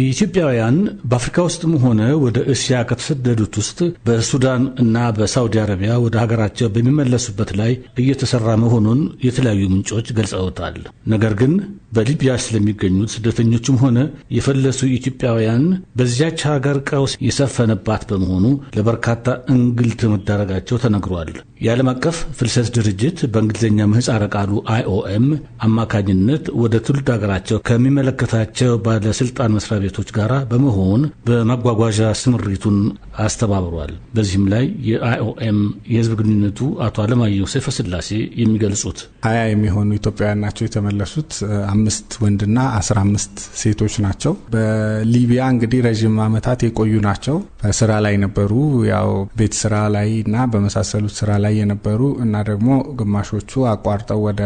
የኢትዮጵያውያን በአፍሪካ ውስጥም ሆነ ወደ እስያ ከተሰደዱት ውስጥ በሱዳን እና በሳውዲ አረቢያ ወደ ሀገራቸው በሚመለሱበት ላይ እየተሰራ መሆኑን የተለያዩ ምንጮች ገልጸውታል። ነገር ግን በሊቢያ ስለሚገኙት ስደተኞችም ሆነ የፈለሱ ኢትዮጵያውያን በዚያች ሀገር ቀውስ የሰፈነባት በመሆኑ ለበርካታ እንግልት መዳረጋቸው ተነግሯል። የዓለም አቀፍ ፍልሰት ድርጅት በእንግሊዝኛ ምህፃረ ቃሉ አይኦኤም አማካኝነት ወደ ትውልድ ሀገራቸው ከሚመለከታቸው ባለስልጣን መስሪያ ቤቶች ጋራ በመሆን በማጓጓዣ ስምሪቱን አስተባብሯል። በዚህም ላይ የአይኦኤም የህዝብ ግንኙነቱ አቶ አለማየሁ ሰይፈ ስላሴ የሚገልጹት ሀያ የሚሆኑ ኢትዮጵያውያን ናቸው የተመለሱት። አምስት ወንድና አስራ አምስት ሴቶች ናቸው። በሊቢያ እንግዲህ ረዥም ዓመታት የቆዩ ናቸው። በስራ ላይ ነበሩ። ያው ቤት ስራ ላይ እና በመሳሰሉት ስራ ላይ የነበሩ እና ደግሞ ግማሾቹ አቋርጠው ወደ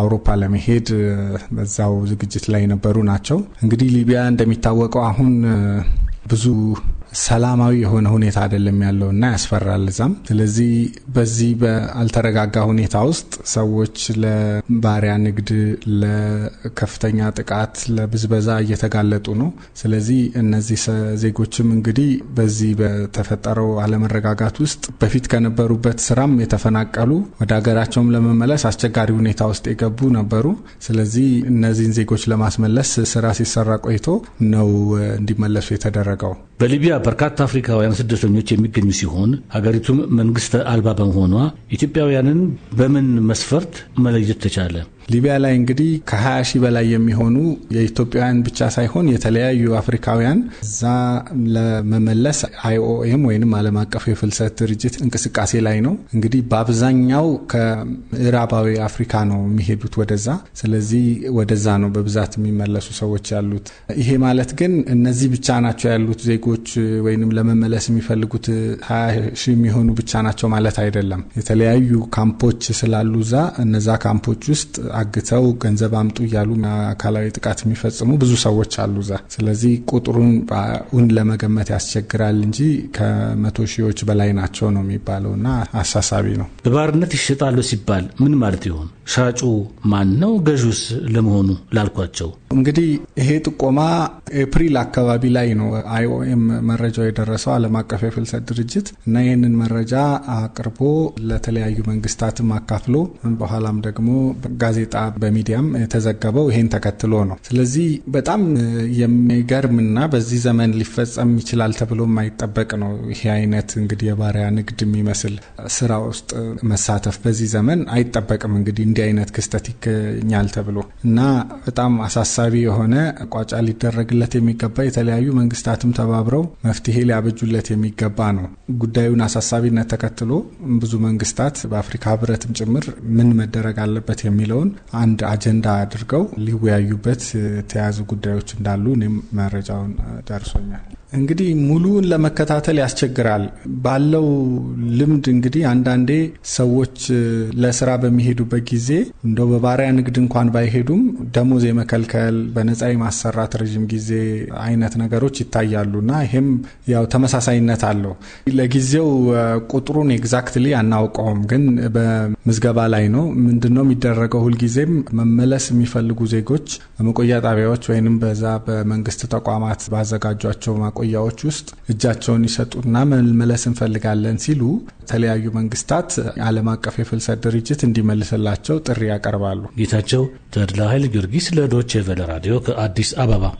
አውሮፓ ለመሄድ በዛው ዝግጅት ላይ የነበሩ ናቸው። እንግዲህ ሊቢያ እንደሚታወ እንደሚታወቀው አሁን ብዙ ሰላማዊ የሆነ ሁኔታ አይደለም ያለው እና ያስፈራል እዛም። ስለዚህ በዚህ በአልተረጋጋ ሁኔታ ውስጥ ሰዎች ለባሪያ ንግድ፣ ለከፍተኛ ጥቃት፣ ለብዝበዛ እየተጋለጡ ነው። ስለዚህ እነዚህ ዜጎችም እንግዲህ በዚህ በተፈጠረው አለመረጋጋት ውስጥ በፊት ከነበሩበት ስራም የተፈናቀሉ ወደ ሀገራቸውም ለመመለስ አስቸጋሪ ሁኔታ ውስጥ የገቡ ነበሩ። ስለዚህ እነዚህን ዜጎች ለማስመለስ ስራ ሲሰራ ቆይቶ ነው እንዲመለሱ የተደረገው። በሊቢያ በርካታ አፍሪካውያን ስደተኞች የሚገኙ ሲሆን ሀገሪቱም መንግስት አልባ በመሆኗ ኢትዮጵያውያንን በምን መስፈርት መለየት ተቻለ? ሊቢያ ላይ እንግዲህ ከ20 ሺህ በላይ የሚሆኑ የኢትዮጵያውያን ብቻ ሳይሆን የተለያዩ አፍሪካውያን እዛ ለመመለስ አይኦኤም ወይም ዓለም አቀፍ የፍልሰት ድርጅት እንቅስቃሴ ላይ ነው። እንግዲህ በአብዛኛው ከምዕራባዊ አፍሪካ ነው የሚሄዱት ወደዛ። ስለዚህ ወደዛ ነው በብዛት የሚመለሱ ሰዎች ያሉት። ይሄ ማለት ግን እነዚህ ብቻ ናቸው ያሉት ዜጎች ወይም ለመመለስ የሚፈልጉት 20 ሺህ የሚሆኑ ብቻ ናቸው ማለት አይደለም። የተለያዩ ካምፖች ስላሉ እዛ እነዛ ካምፖች ውስጥ አግተው ገንዘብ አምጡ እያሉ አካላዊ ጥቃት የሚፈጽሙ ብዙ ሰዎች አሉ እዛ። ስለዚህ ቁጥሩን በእውን ለመገመት ያስቸግራል እንጂ ከመቶ ሺዎች በላይ ናቸው ነው የሚባለው እና አሳሳቢ ነው። በባርነት ይሸጣሉ ሲባል ምን ማለት ይሆን? ሻጩ ማን ነው? ገዥስ ለመሆኑ ላልኳቸው እንግዲህ ይሄ ጥቆማ ኤፕሪል አካባቢ ላይ ነው አይኦኤም መረጃው የደረሰው ዓለም አቀፍ የፍልሰት ድርጅት እና ይህንን መረጃ አቅርቦ ለተለያዩ መንግስታትም አካፍሎ በኋላም ደግሞ ጋዜ ጋዜጣ በሚዲያም የተዘገበው ይሄን ተከትሎ ነው። ስለዚህ በጣም የሚገርምና በዚህ ዘመን ሊፈጸም ይችላል ተብሎ የማይጠበቅ ነው። ይሄ አይነት እንግዲህ የባሪያ ንግድ የሚመስል ስራ ውስጥ መሳተፍ በዚህ ዘመን አይጠበቅም። እንግዲህ እንዲህ አይነት ክስተት ይገኛል ተብሎ እና በጣም አሳሳቢ የሆነ ቋጫ ሊደረግለት የሚገባ የተለያዩ መንግስታትም ተባብረው መፍትሄ ሊያበጁለት የሚገባ ነው። ጉዳዩን አሳሳቢነት ተከትሎ ብዙ መንግስታት በአፍሪካ ህብረትም ጭምር ምን መደረግ አለበት የሚለውን አንድ አጀንዳ አድርገው ሊወያዩበት የተያዙ ጉዳዮች እንዳሉ እኔም መረጃውን ደርሶኛል። እንግዲህ ሙሉውን ለመከታተል ያስቸግራል። ባለው ልምድ እንግዲህ አንዳንዴ ሰዎች ለስራ በሚሄዱበት ጊዜ እንደው በባሪያ ንግድ እንኳን ባይሄዱም ደሞዝ የመከልከል በነጻ የማሰራት ረዥም ጊዜ አይነት ነገሮች እና ይሄም ያው ተመሳሳይነት አለው። ለጊዜው ቁጥሩን ኤግዛክትሊ አናውቀውም፣ ግን በምዝገባ ላይ ነው። ምንድነው የሚደረገው? ሁልጊዜም መመለስ የሚፈልጉ ዜጎች በመቆያ ጣቢያዎች ወይንም በዛ በመንግስት ተቋማት ባዘጋጇቸው ማቆ ማቆያዎች ውስጥ እጃቸውን ይሰጡና መመለስ እንፈልጋለን ሲሉ የተለያዩ መንግስታት ዓለም አቀፍ የፍልሰት ድርጅት እንዲመልስላቸው ጥሪ ያቀርባሉ። ጌታቸው ተድላ ኃይለ ጊዮርጊስ ለዶቼ ቬለ ራዲዮ ከአዲስ አበባ